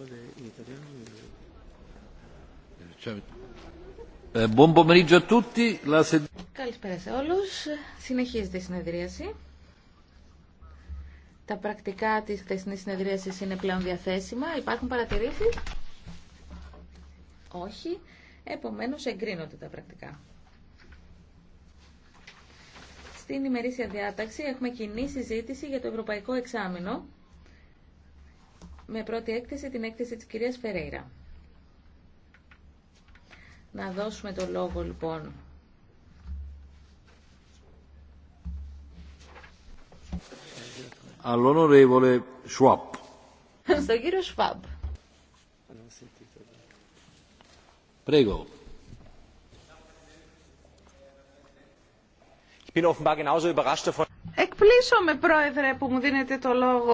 Ε, Καλησπέρα σε όλους. Συνεχίζεται η συνεδρίαση. Τα πρακτικά της χθεσινής συνεδρίασης είναι πλέον διαθέσιμα. Υπάρχουν παρατηρήσει. Όχι. Επομένως εγκρίνονται τα πρακτικά. Στην ημερήσια διάταξη έχουμε κοινή συζήτηση για το Ευρωπαϊκό Εξάμεινο με πρώτη έκθεση την έκθεση της κυρίας Φερέιρα. Να δώσουμε το λόγο λοιπόν. Στον κύριο Schwab. Εκπλήσω με Πρόεδρε, που μου δίνετε το λόγο.